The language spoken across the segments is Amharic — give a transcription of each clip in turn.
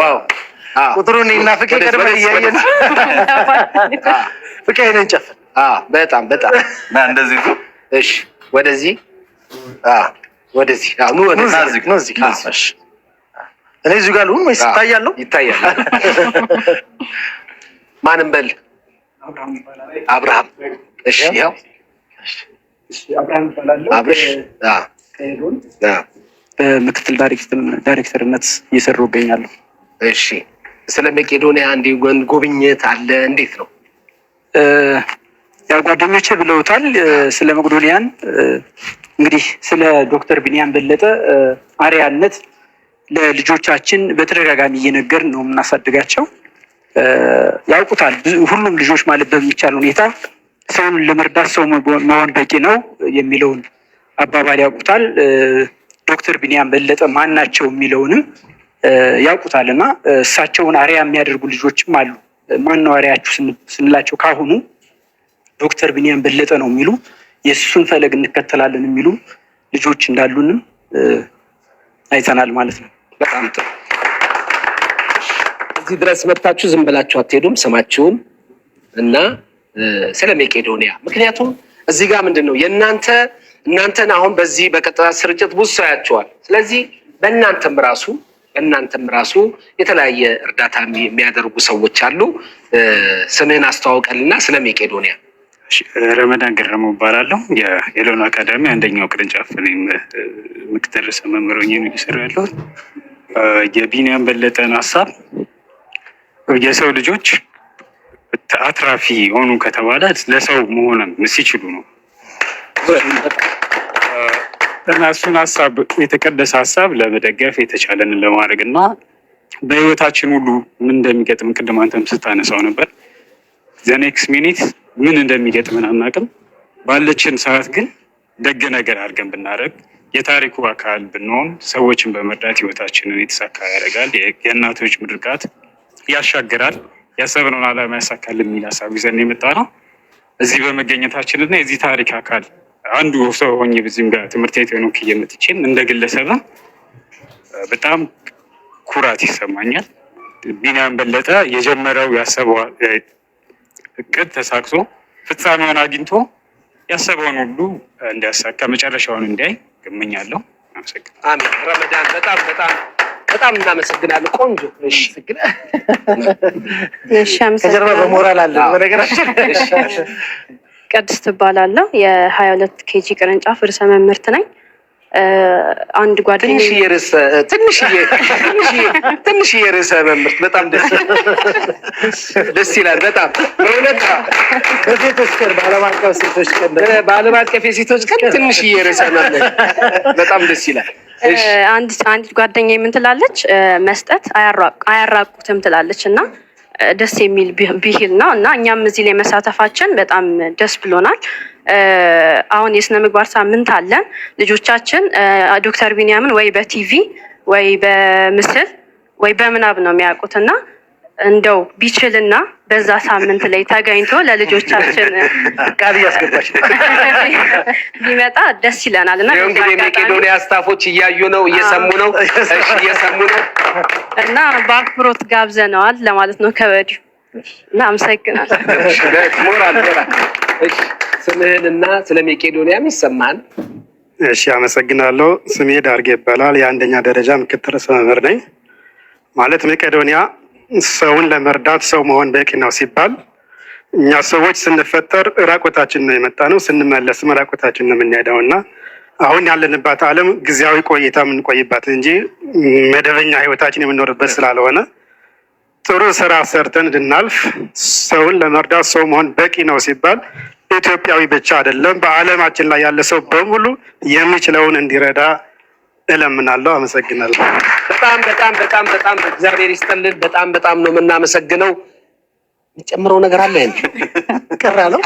ዋው ቁጥሩን እና ፍቄ ቀድመን እያየ ነው። ፍቅር አይነን ጨፍን። በጣም በጣም እንደዚህ እሺ፣ ወደዚህ ወደዚህ ኑ እዚህ እኔ እዚሁ ጋር ልሁን ወይስ ይታያለሁ? ይታያል። ማንም በል አብርሃም። እሺ፣ ያው አብርሽ በምክትል ዳይሬክተርነት እየሰሩ ይገኛሉ። እሺ፣ ስለ መቄዶንያ እንዲ ጎብኝት አለ እንዴት ነው? ያው ብለውታል። ስለ መቄዶንያን እንግዲህ ስለ ዶክተር ቢኒያም በለጠ አርያነት ለልጆቻችን በተደጋጋሚ እየነገር ነው የምናሳድጋቸው። ያውቁታል ሁሉም ልጆች ማለት በሚቻል ሁኔታ ሰውን ለመርዳት ሰው መሆን በቂ ነው የሚለውን አባባል ያውቁታል። ዶክተር ቢንያም በለጠ ማን ናቸው የሚለውንም ያውቁታል እና እሳቸውን አሪያ የሚያደርጉ ልጆችም አሉ። ማነው አሪያችሁ ስንላቸው ካሁኑ ዶክተር ቢኒያም በለጠ ነው የሚሉ የእሱን ፈለግ እንከተላለን የሚሉ ልጆች እንዳሉንም አይተናል ማለት ነው። በጣም ጥሩ። እዚህ ድረስ መጥታችሁ ዝም ብላችሁ አትሄዱም። ስማችሁን እና ስለ መቄዶንያ ምክንያቱም እዚህ ጋር ምንድን ነው የእናንተ እናንተን አሁን በዚህ በቀጥታ ስርጭት ብዙ ሰው ያቸዋል። ስለዚህ በእናንተም ራሱ እናንተም ራሱ የተለያየ እርዳታ የሚያደርጉ ሰዎች አሉ። ስምህን አስተዋውቀልና ስለ መቄዶንያ። ረመዳን ገረሙ እባላለሁ። የኤሎን አካዳሚ አንደኛው ቅርንጫፍ ምክትል ርዕሰ መምህር ሆኜ ነው እየሰራሁ ያለሁት። የቢኒያም በለጠን ሀሳብ የሰው ልጆች አትራፊ ሆኑ ከተባለ ለሰው መሆንም ሲችሉ ነው። እና እሱን ሀሳብ የተቀደሰ ሀሳብ ለመደገፍ የተቻለንን ለማድረግ እና በህይወታችን ሁሉ ምን እንደሚገጥም ቅድም አንተም ስታነሳው ነበር። ዘኔክስ ሚኒት ምን እንደሚገጥምን አናውቅም። ባለችን ሰዓት ግን ደግ ነገር አድርገን ብናደረግ የታሪኩ አካል ብንሆን ሰዎችን በመርዳት ህይወታችንን የተሳካ ያደርጋል። የእናቶች ምርቃት ያሻግራል፣ ያሰብነውን አላማ ያሳካል የሚል ሀሳብ ይዘን የመጣ ነው። እዚህ በመገኘታችንና የዚህ ታሪክ አካል አንዱ ሰው ሆኜ በዚህም ጋር ትምህርት ቤት ሆኖ የምትችም እንደ ግለሰብ በጣም ኩራት ይሰማኛል። ቢኒያም በለጠ የጀመረው ያሰበው እቅድ ተሳክሶ ፍጻሜውን አግኝቶ ያሰበውን ሁሉ እንዲያሳካ መጨረሻውን እንዲያይ እመኛለሁ። አመሰግናለሁ። ረመዳን በጣም በጣም በጣም እናመሰግናለን። ቆንጆ ከጀርባ በሞራል አለ በነገራችን ቅድስት ትባላለሁ። የሀያ ሁለት ኬጂ ቅርንጫፍ ርዕሰ መምህርት ነኝ። አንድ ጓደኛዬ ትንሽዬ ርዕሰ መምህርት በጣም ደስ ይላል። በጣም በእውነት በሴቶች ቀን በዓለም አቀፍ ሴቶች ቀን በዓለም አቀፍ የሴቶች ቀን ትንሽዬ ርዕሰ መምህርት በጣም ደስ ይላል። አንድ ጓደኛዬ ምን ትላለች? መስጠት አያራቁትም ትላለች እና ደስ የሚል ብሂል ነው እና እኛም እዚህ ላይ መሳተፋችን በጣም ደስ ብሎናል። አሁን የስነ ምግባር ሳምንት አለን። ልጆቻችን ዶክተር ቢንያምን ወይ በቲቪ ወይ በምስል ወይ በምናብ ነው የሚያውቁት እና እንደው ቢችልና በዛ ሳምንት ላይ ተገኝቶ ለልጆቻችን ቃል እያስገባች ቢመጣ ደስ ይለናል እና እንግዲህ የመቄዶንያ ስታፎች እያዩ ነው፣ እየሰሙ ነው፣ እየሰሙ ነው እና በአክብሮት ጋብዘነዋል ለማለት ነው። ከበዲሁ እናመሰግናለን። ሞራል ስምህን ስምህንና ስለ መቄዶንያ ይሰማል። እሺ፣ አመሰግናለሁ። ስሜ ዳርጌ ይባላል። የአንደኛ ደረጃ ምክትል ርዕሰ መምህር ነኝ። ማለት መቄዶንያ ሰውን ለመርዳት ሰው መሆን በቂ ነው ሲባል እኛ ሰዎች ስንፈጠር ራቆታችን ነው የመጣ ነው፣ ስንመለስም ራቆታችን ነው የምንሄደው እና አሁን ያለንባት ዓለም ጊዜያዊ ቆይታ የምንቆይባት እንጂ መደበኛ ህይወታችን የምንኖርበት ስላልሆነ ጥሩ ስራ ሰርተን እንድናልፍ ሰውን ለመርዳት ሰው መሆን በቂ ነው ሲባል ኢትዮጵያዊ ብቻ አይደለም፣ በዓለማችን ላይ ያለ ሰው በሙሉ የሚችለውን እንዲረዳ እለምናለሁ። አመሰግናለሁ። በጣም በጣም በጣም በጣም እግዚአብሔር ይስጥልን። በጣም በጣም ነው የምናመሰግነው። የምጨምረው ነገር አለ ቀራ ነው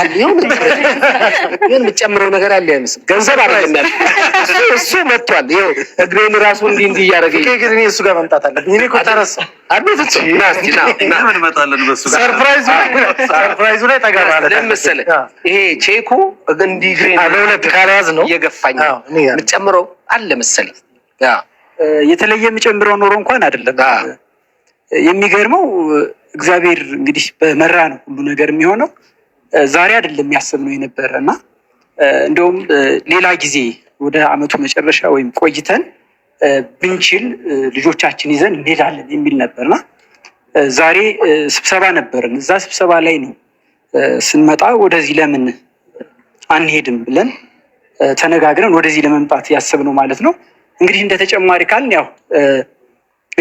የምጨምረው ነገር አለ አይመስል ገንዘብ አረገናል። እሱ መጥቷል። ይኸው እግሬን ራሱ እንዲህ እንዲህ እያደረገኝ እግሬን እሱ ጋር መምጣት አለ። እኔ እኮ ተረሳ አቤት ሰርፕራይዙ ላይ ጠጋ ማለት መሰለህ። ይሄ ቼኩ እንዲህ እግሬን ለሁለት ካልያዝ ነው እየገፋኝ የምጨምረው አለ መሰለህ የተለየ የሚጨምረው ኖሮ እንኳን አይደለም። የሚገርመው እግዚአብሔር እንግዲህ በመራ ነው ሁሉ ነገር የሚሆነው። ዛሬ አይደለም የሚያስብነው የነበረ እና እንደውም ሌላ ጊዜ ወደ አመቱ መጨረሻ ወይም ቆይተን ብንችል ልጆቻችን ይዘን እንሄዳለን የሚል ነበርና ዛሬ ስብሰባ ነበርን። እዛ ስብሰባ ላይ ነው ስንመጣ ወደዚህ ለምን አንሄድም ብለን ተነጋግረን ወደዚህ ለመምጣት ያሰብነው ማለት ነው። እንግዲህ እንደ ተጨማሪ ካልን ያው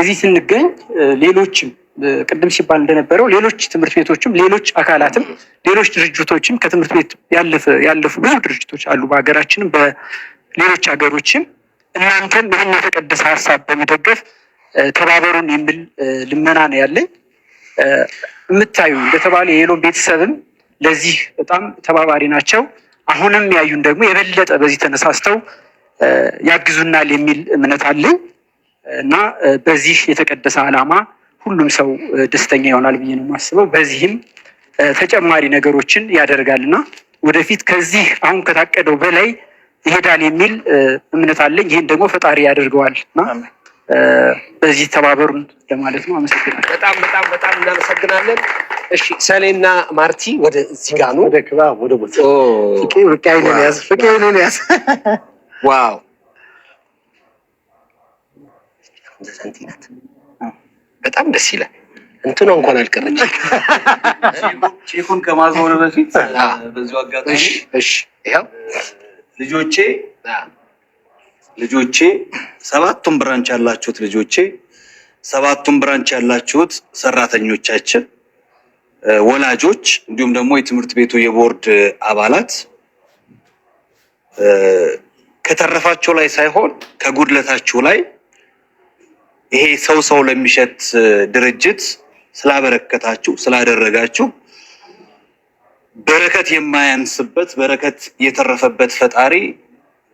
እዚህ ስንገኝ ሌሎችም ቅድም ሲባል እንደነበረው ሌሎች ትምህርት ቤቶችም ሌሎች አካላትም ሌሎች ድርጅቶችም ከትምህርት ቤት ያለፉ ብዙ ድርጅቶች አሉ፣ በሀገራችንም በሌሎች ሀገሮችም እናንተን ይህን የተቀደሰ ሀሳብ በመደገፍ ተባበሩን የሚል ልመና ነው ያለኝ። የምታዩ እንደተባለ የኤሎም ቤተሰብም ለዚህ በጣም ተባባሪ ናቸው። አሁንም ያዩን ደግሞ የበለጠ በዚህ ተነሳስተው ያግዙናል የሚል እምነት አለኝ እና በዚህ የተቀደሰ ዓላማ ሁሉም ሰው ደስተኛ ይሆናል ብዬ ነው የማስበው። በዚህም ተጨማሪ ነገሮችን ያደርጋል እና ወደፊት ከዚህ አሁን ከታቀደው በላይ ይሄዳል የሚል እምነት አለኝ። ይህን ደግሞ ፈጣሪ ያደርገዋል እና በዚህ ተባበሩን ለማለት ነው። አመሰግናለሁ። በጣም በጣም በጣም እናመሰግናለን። እሺ ሰሌና ማርቲ ወደ ዚጋ ወደ ክባ ወደ ቦታ ፍቄ ፍቄ ያዝ ፍቄ ያዝ ዋው በጣም ደስ ይላል። እንትኗ እንኳን አልቀረች። ቼኩን ከማዞር በፊት በዚ አጋጣሚ ልጆቼ ልጆቼ ሰባቱን ብራንች ያላችሁት ልጆቼ ሰባቱን ብራንች ያላችሁት ሰራተኞቻችን፣ ወላጆች እንዲሁም ደግሞ የትምህርት ቤቱ የቦርድ አባላት ከተረፋቸው ላይ ሳይሆን ከጉድለታችሁ ላይ ይሄ ሰው ሰው ለሚሸት ድርጅት ስላበረከታችሁ ስላደረጋችሁ በረከት የማያንስበት በረከት የተረፈበት ፈጣሪ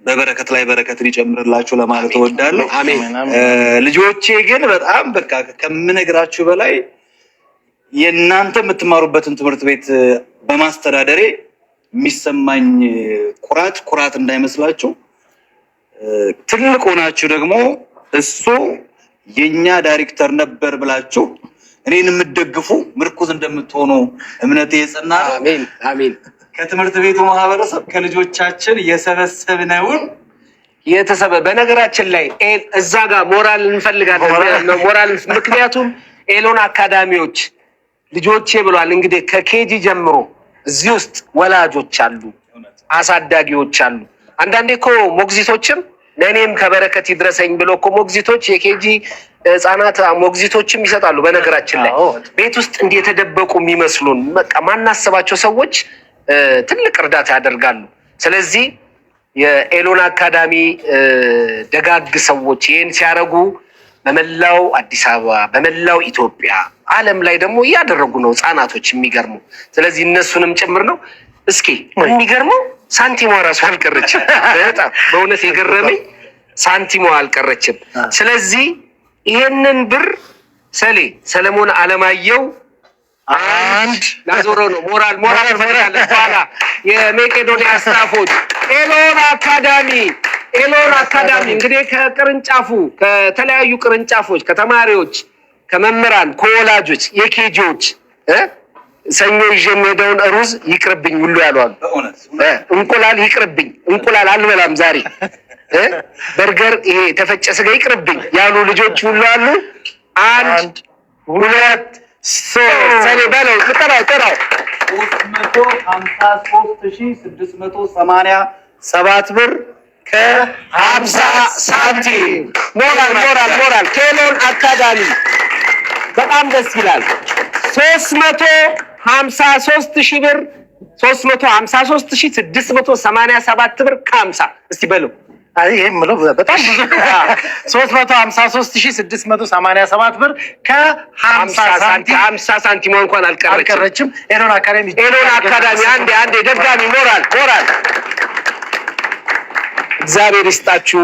በበረከት ላይ በረከት ሊጨምርላችሁ ለማለት እወዳለሁ። ልጆቼ ግን በጣም በቃ ከምነግራችሁ በላይ የእናንተ የምትማሩበትን ትምህርት ቤት በማስተዳደሬ የሚሰማኝ ኩራት ኩራት እንዳይመስላችሁ ትልቅ ሆናችሁ ደግሞ እሱ የኛ ዳይሬክተር ነበር ብላችሁ እኔን የምትደግፉ ምርኩዝ እንደምትሆኑ እምነት የጽና አሜን አሜን። ከትምህርት ቤቱ ማህበረሰብ ከልጆቻችን የሰበሰብነውን የተሰበ በነገራችን ላይ እዛ ጋር ሞራል እንፈልጋለን ሞራል ምክንያቱም ኤሎን አካዳሚዎች ልጆቼ ብሏል። እንግዲህ ከኬጂ ጀምሮ እዚህ ውስጥ ወላጆች አሉ፣ አሳዳጊዎች አሉ። አንዳንዴ እኮ ሞግዚቶችም ለእኔም ከበረከት ይድረሰኝ ብሎ እኮ ሞግዚቶች የኬጂ ህጻናት ሞግዚቶችም ይሰጣሉ። በነገራችን ላይ ቤት ውስጥ እንዲህ የተደበቁ የሚመስሉን በቃ ማናስባቸው ሰዎች ትልቅ እርዳታ ያደርጋሉ። ስለዚህ የኤሎን አካዳሚ ደጋግ ሰዎች ይህን ሲያደርጉ በመላው አዲስ አበባ በመላው ኢትዮጵያ ዓለም ላይ ደግሞ እያደረጉ ነው ህጻናቶች የሚገርሙ ስለዚህ እነሱንም ጭምር ነው። እስኪ የሚገርመው ሳንቲሟ ራሱ አልቀረችም። በጣም በእውነት የገረመኝ ሳንቲሟ አልቀረችም። ስለዚህ ይሄንን ብር ሰሌ ሰለሞን አለማየው አንድ ላዞረው ነው። ሞራል ሞራል ሞራል በኋላ የሜቄዶኒያ ስታፎች ኤሎን አካዳሚ ኤሎን አካዳሚ እንግዲህ ከቅርንጫፉ ከተለያዩ ቅርንጫፎች ከተማሪዎች፣ ከመምህራን፣ ከወላጆች የኬጂዎች ሰኞ ይዤ የምሄደውን ሩዝ ይቅርብኝ ሁሉ ያሏል። እንቁላል ይቅርብኝ፣ እንቁላል አልበላም ዛሬ። በርገር፣ ይሄ የተፈጨ ስጋ ይቅርብኝ ያሉ ልጆች ሁሉ አሉ። አንድ ሁለት ሰኔ በለው ጥራው፣ ጥራው ሶስት መቶ ሀምሳ ሶስት ሺ ስድስት መቶ ሰማንያ ሰባት ብር ከሀምሳ ሳንቲም። ሞራል ሞራል ሞራል ኬሎን አካዳሚ በጣም ደስ ይላል። ሶስት መቶ ሀምሳ ሶስት ሺህ ብር ሶስት መቶ ሀምሳ ሶስት ሺህ ስድስት መቶ ሰማንያ ሰባት ብር ከሀምሳ እስቲ በጣም ሶስት መቶ ሀምሳ ሶስት ሺህ ስድስት መቶ ሰማንያ ሰባት ብር ከሀምሳ ሳንቲም እንኳን አልቀረችም። ኤሎን አካዳሚ ኤሎን አካዳሚ አንዴ አንዴ ደጋሚ ሞራል ሞራል እግዚአብሔር ይስጣችሁ።